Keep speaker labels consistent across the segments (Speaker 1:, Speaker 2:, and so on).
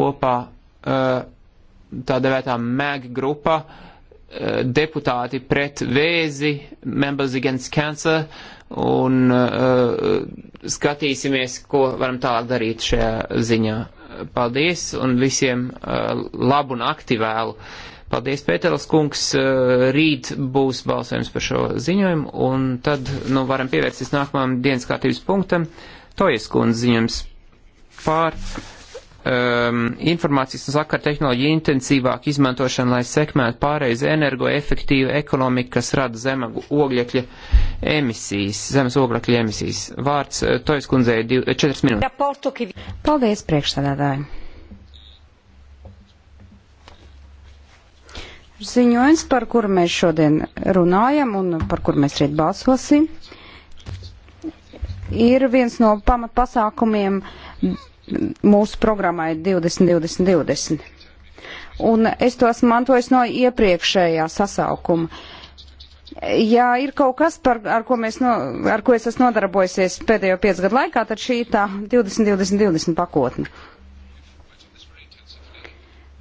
Speaker 1: kopā eh, tā devētā MAG grupa eh, deputāti pret vēzi, Members Against Cancer, un uh, skatīsimies, ko varam tālāk darīt šajā ziņā. Paldies un visiem uh, labu nakti vēlu. Paldies, Pētelis kungs. Uh, rīt būs balsojums par šo ziņojumu, un tad nu, varam pievērsties nākamajam dienas kārtības punktam. Tojas kundze ziņojums pār um, informācijas un sakara tehnoloģiju intensīvāku izmantošanu, lai sekmētu pārreiz energoefektīvu ekonomiku, kas rada zema ogļekļa emisijas, zemes ogļekļa emisijas. Vārds uh, Tojas kundzei 4 eh,
Speaker 2: minūtes. Paldies, priekšsādātāji! Ziņojums, par kuru mēs šodien runājam un par kuru mēs rīt balsosim, ir viens no pamatpasākumiem mūsu programmai 2020. 20. Un es to esmu mantojis no iepriekšējā sasaukuma. Ja ir kaut kas, par, ar, ko mēs, no, ar ko es esmu nodarbojusies pēdējo piecu gadu laikā, tad šī ir tā 2020-2020 pakotne. 20, 20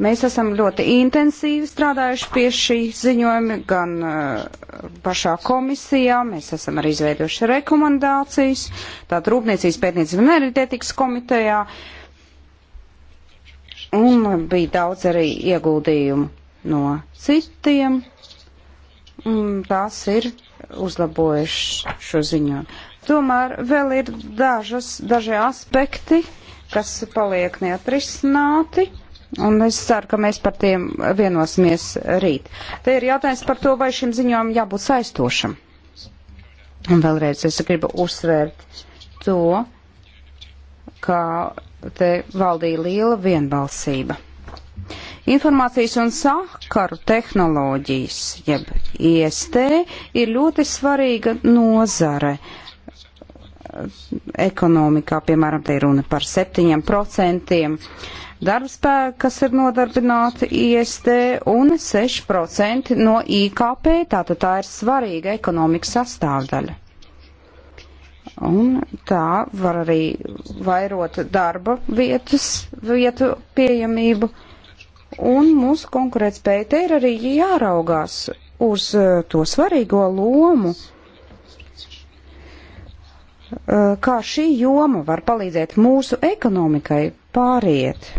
Speaker 2: Mēs esam ļoti intensīvi strādājuši pie šī ziņojuma, gan uh, pašā komisijā, mēs esam arī izveidojuši rekomendācijas, tātad Rūpniecības pētniecības un enerģētikas komitejā, un bija daudz arī ieguldījumu no citiem, un tās ir uzlabojuši šo ziņojumu. Tomēr vēl ir dažas, daži aspekti, kas paliek neatrisināti Un es ceru, ka mēs par tiem vienosimies rīt. Te ir jautājums par to, vai šim ziņojumam jābūt saistošam. Un vēlreiz es gribu uzsvērt to, ka te valdīja liela vienbalsība. Informācijas un sakaru tehnoloģijas, jeb IST, ir ļoti svarīga nozare ekonomikā, piemēram, te ir runa par 7% darbspēka, kas ir nodarbināti ISD, un 6% no IKP, tātad tā ir svarīga ekonomikas sastāvdaļa. Un tā var arī vairot darba vietas, vietu pieejamību. Un mūsu konkurētspēja te ir arī jāraugās uz eh, to svarīgo lomu, eh, kā šī joma var palīdzēt mūsu ekonomikai pāriet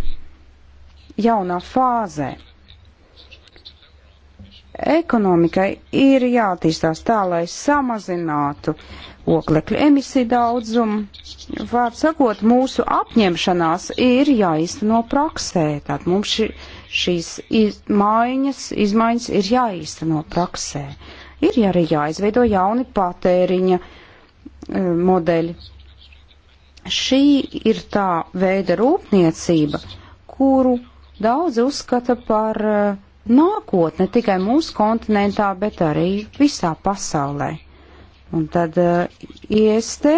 Speaker 2: jaunā fāzē. Ekonomikai ir jātīstās tā, lai samazinātu oglekļu emisiju daudzumu. Vārds sakot, mūsu apņemšanās ir jāīsteno praksē. Tātad mums šī, šīs iz, maiņas, izmaiņas ir jāīsteno praksē. Ir arī jāizveido jauni patēriņa e, modeļi. Šī ir tā veida rūpniecība, kuru daudz uzskata par eh, nākotni tikai mūsu kontinentā, bet arī visā pasaulē. Un tad eh, IST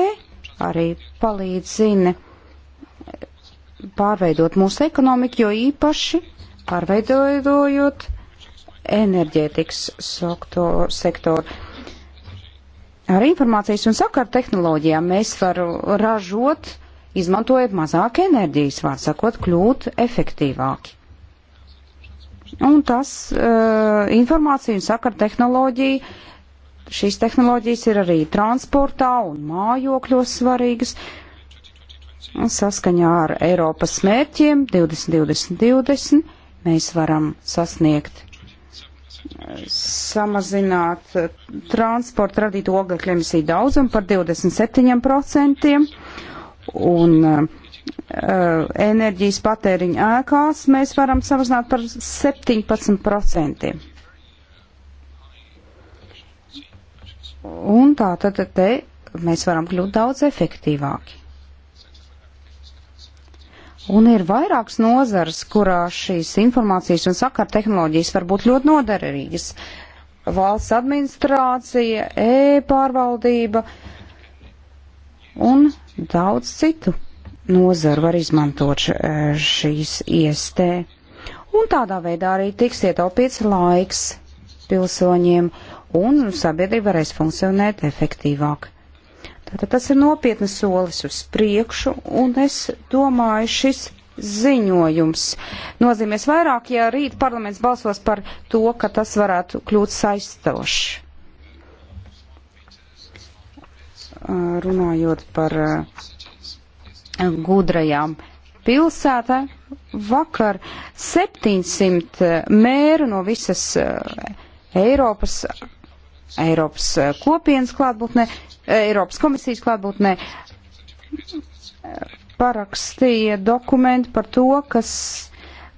Speaker 2: arī palīdz zina pārveidot mūsu ekonomiku, jo īpaši pārveidojot enerģētikas sektoru. Ar informācijas un sakaru tehnoloģijām mēs varam ražot uh, izmantojot mazāk enerģijas, var sakot, kļūt efektīvāki. Un tas uh, informācija un sakara tehnoloģija, šīs tehnoloģijas ir arī transportā un mājokļos svarīgas. Un saskaņā ar Eiropas mērķiem 2020-2020 -20 mēs varam sasniegt eh, samazināt eh, transporta radītu oglekļa emisiju daudzumu par 27% un uh, uh, enerģijas patēriņa ēkās mēs varam samazināt par 17%. Un tā tad te mēs varam kļūt daudz efektīvāki. Un ir vairākas nozars, kurā šīs informācijas un sakara tehnoloģijas var būt ļoti noderīgas. Valsts administrācija, e-pārvaldība un daudz citu nozaru var izmantot e, šīs iestē. Un tādā veidā arī tiks ietaupīts laiks pilsoņiem un sabiedrība varēs funkcionēt efektīvāk. Tātad tas ir nopietnas solis uz priekšu, un es domāju, šis ziņojums nozīmēs vairāk, ja rīt parlaments balsos par to, ka tas varētu kļūt saistošs. Eh, runājot par eh, gudrajām pilsētā. Vakar 700 eh, mēru no visas Eiropas, Eiropas kopienas klātbūtnē, Eiropas komisijas klātbūtnē parakstīja dokumentu par to, kas,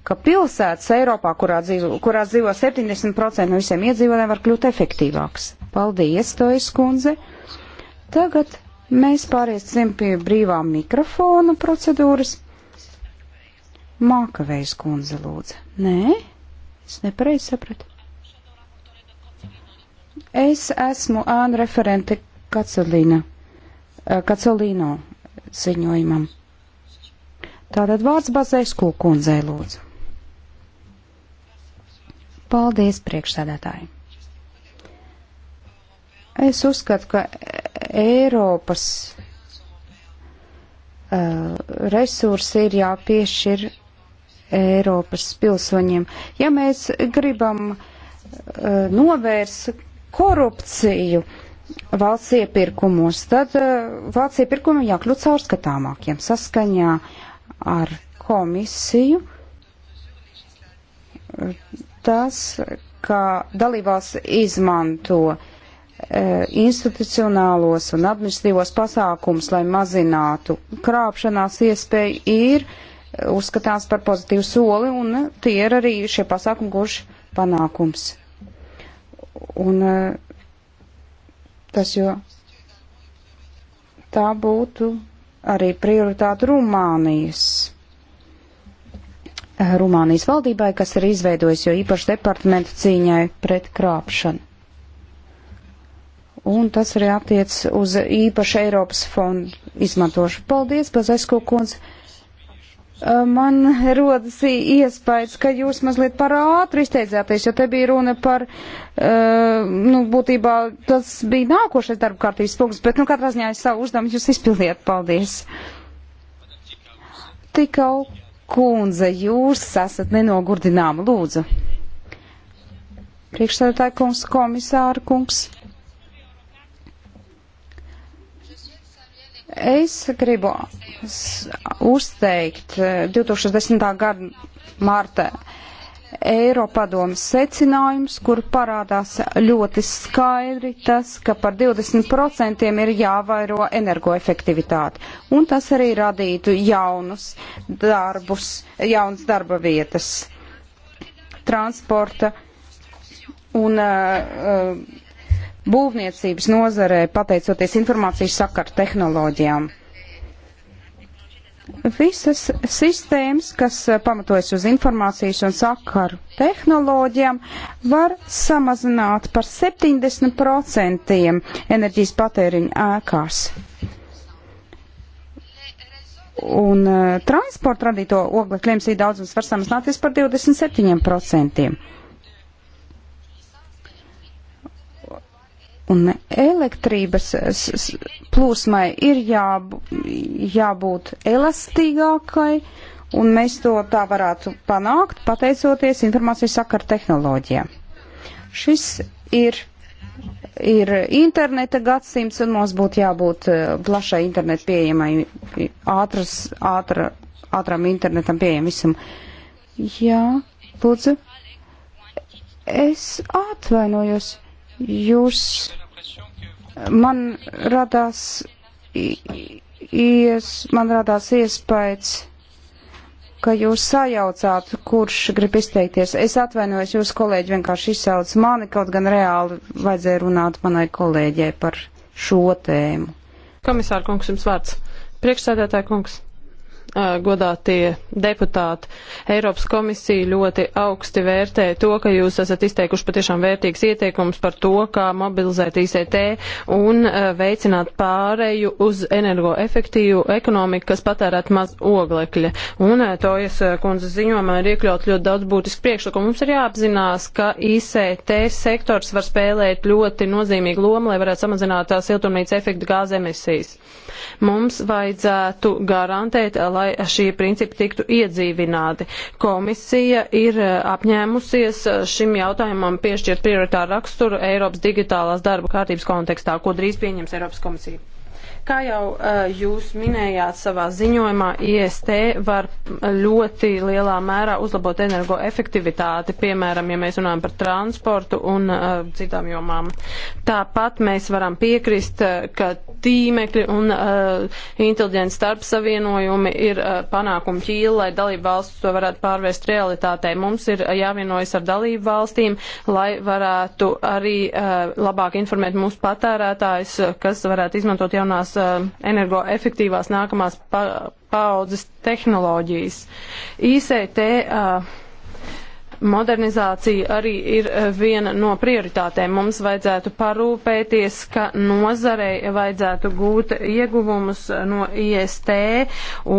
Speaker 2: ka pilsētas Eiropā, kurā dzīvo, kurā dzīvo 70% no visiem iedzīvotājiem, var kļūt efektīvāks. Paldies, Tojas kundze! Tagad mēs pāriesim pie brīvā mikrofona procedūras. Mākavejas kundze lūdza. Nē, es nepareizi sapratu. Es esmu āna referente Kacelina, Kacelino ziņojumam. Tātad vārds bazēs kūkundzei lūdzu. Paldies priekšsēdētāji. Es uzskatu, ka Eiropas uh, resursi ir jāpiešķir Eiropas pilsoņiem. Ja mēs gribam uh, novērst korupciju valsts iepirkumos, tad uh, valsts iepirkumi jākļūt caurskatāmākiem saskaņā ar komisiju. Tas, ka dalībās izmanto uh, E, institucionālos un administratīvos pasākums, lai mazinātu krāpšanās iespēju, ir e, uzskatāms par pozitīvu soli, un tie ir arī šie pasākumi guši panākums. Un e, tas jo tā būtu arī prioritāte Rumānijas. Rumānijas valdībai, kas ir izveidojis jo īpaši departamentu cīņai pret krāpšanu un tas arī attiec uz īpaši Eiropas fondu izmantošanu. Paldies, Bazesko kundze! Man rodas iespējas, ka jūs mazliet par ātri izteicāties, jo te bija runa par, nu, būtībā tas bija nākošais darba kārtības punkts, bet, nu, katrā ziņā es savu uzdevumu jūs izpildiet. Paldies! Tikau kundze, jūs esat nenogurdināma, lūdzu. Priekšsēdētāja kungs, komisāra kungs. Es gribu uzteikt 2010. E, gada martā Eiropadomas secinājums, kur parādās ļoti skaidri tas, ka par 20% ir jāvairo energoefektivitāte. Un tas arī radītu jaunus darbus, jaunas darba vietas, transporta un uh, būvniecības nozarē, pateicoties informācijas sakaru tehnoloģijām. Visas sistēmas, kas eh, pamatojas uz informācijas un sakaru tehnoloģijām, var samazināt par 70% enerģijas patēriņu ēkās un uh, transporta radīto oglekļa emisiju daudzums var samazināties par 27%. Un elektrības plūsmai ir jāb, jābūt elastīgākai, un mēs to tā varētu panākt, pateicoties informācijas sakara tehnoloģijām. Šis ir ir interneta gadsimts, un mums būtu jābūt eh, plašai internetu pieejamai, ātras, ātra, ātram internetam pieejamisam. Jā, lūdzu. Es atvainojos. Jūs man radās, ies, man radās iespējas, ka jūs sajaucāt, kurš grib izteikties. Es atvainojos, jūs kolēģi vienkārši izsauc mani, kaut gan reāli vajadzēja runāt manai kolēģei par šo tēmu.
Speaker 1: Komisāra kungs, jums vārds. Priekšsēdētāja kungs godātie deputāti. Eiropas komisija ļoti augsti vērtē to, ka jūs esat izteikuši patiešām vērtīgs ieteikums par to, kā mobilizēt ICT un veicināt pāreju uz energoefektīvu ekonomiku, kas patērēt maz oglekļa. Un to es kundze ziņojumā ir iekļaut ļoti daudz būtisku priekšlikumu. Mums ir jāapzinās, ka ICT sektors var spēlēt ļoti nozīmīgu lomu, lai varētu samazināt siltumnīca efekta gāzes emisijas. Mums vajadzētu garantēt, lai šie principi tiktu iedzīvināti. Komisija ir eh, apņēmusies eh, šim jautājumam piešķirt prioritāru raksturu Eiropas digitālās darba kārtības kontekstā, ko drīz pieņems Eiropas komisija. Kā jau uh, jūs minējāt savā ziņojumā, IST var ļoti lielā mērā uzlabot energoefektivitāti, piemēram, ja mēs runājam par transportu un uh, citām jomām. Tāpat mēs varam piekrist, uh, ka tīmekļi un uh, inteliģents starpsavienojumi ir uh, panākumi ķīla, lai dalību valsts to varētu pārvērst realitātei. Mums ir uh, jāvienojas ar dalību valstīm, lai varētu arī uh, labāk informēt mūsu patērētājs, kas varētu izmantot jaunās Uh, energoefektīvās nākamās pa, paaudzes tehnoloģijas. ICT e uh, modernizācija arī ir uh, viena no prioritātēm. Mums vajadzētu parūpēties, ka nozarei vajadzētu gūt ieguvumus no IST,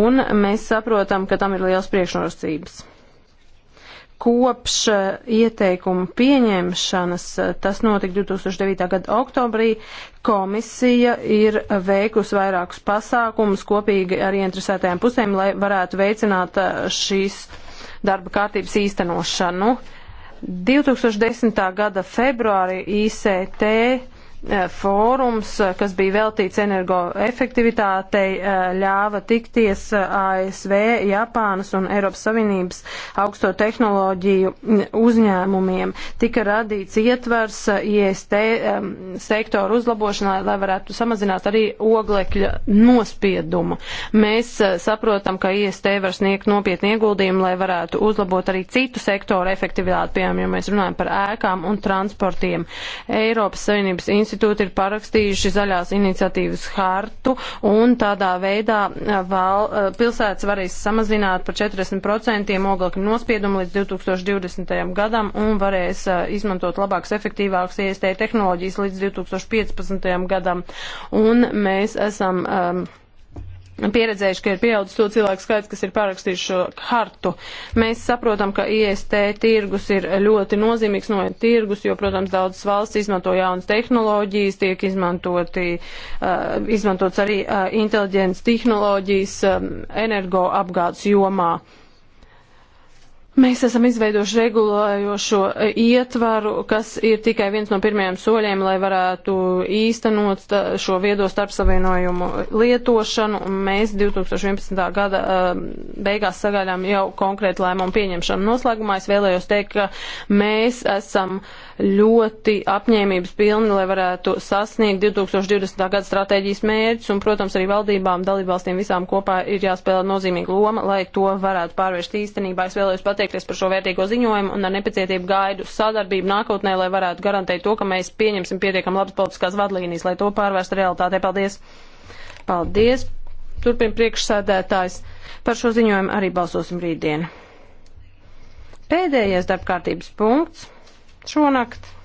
Speaker 1: un mēs saprotam, ka tam ir liels priekšnosacības kopš eh, ieteikuma pieņemšanas, eh, tas notika 2009. gada oktobrī, komisija ir veikusi vairākus pasākumus kopīgi ar ieinteresētajām pusēm, lai varētu veicināt eh, šīs darba kārtības īstenošanu. 2010. gada februārī ICT Eh, fórums, eh, kas bija veltīts energoefektivitātei, eh, ļāva tikties ASV, Japānas un Eiropas Savienības augsto tehnoloģiju mm, uzņēmumiem. Tika radīts ietvers IST sektoru uzlabošanai, lai varētu samazināt arī oglekļa nospiedumu. Mēs saprotam, ka IST var sniegt nopietni ieguldījumu, lai varētu uzlabot arī citu sektoru efektivitāti, piemēram, ja mēs runājam par ēkām un transportiem. Eiropas Savienības institūcijiem institūti ir parakstījuši zaļās iniciatīvas hartu un tādā veidā eh, val, eh, pilsētas varēs samazināt par 40% oglekļa nospiedumu līdz 2020. gadam un varēs eh, izmantot labākas, efektīvākas iestēja tehnoloģijas līdz 2015. gadam. Un mēs esam. Um, pieredzējuši, ka ir pieaudzis to cilvēku skaits, kas ir pārakstījuši šo hartu. Mēs saprotam, ka IST tirgus ir ļoti nozīmīgs no tirgus, jo, protams, daudzas valsts izmanto jaunas tehnoloģijas, tiek izmantoti, uh, izmantots arī uh, inteliģents tehnoloģijas um, energoapgādes jomā. Uh, Mēs esam izveidojuši regulējošo e, ietvaru, kas ir tikai viens no pirmajiem soļiem, lai varētu īstenot šo viedo starpsavienojumu lietošanu. Mēs 2011. gada e, beigās sagaidām jau konkrētu lēmumu pieņemšanu. Noslēgumā es vēlējos teikt, ka mēs esam ļoti apņēmības pilni, lai varētu sasniegt 2020. gada stratēģijas mērķus, un, protams, arī valdībām, dalībvalstīm visām kopā ir jāspēlē nozīmīga loma, lai to varētu pārvērst īstenībā. Es vēlējos pateikt, pateikties par šo vērtīgo ziņojumu un ar nepacietību gaidu sadarbību nākotnē, lai varētu garantēt to, ka mēs pieņemsim pietiekam labas politiskās vadlīnijas, lai to pārvērstu realitātē. Paldies! Paldies! Turpin priekšsēdētājs. Par šo ziņojumu arī balsosim rītdien. Pēdējais darbkārtības punkts šonakt.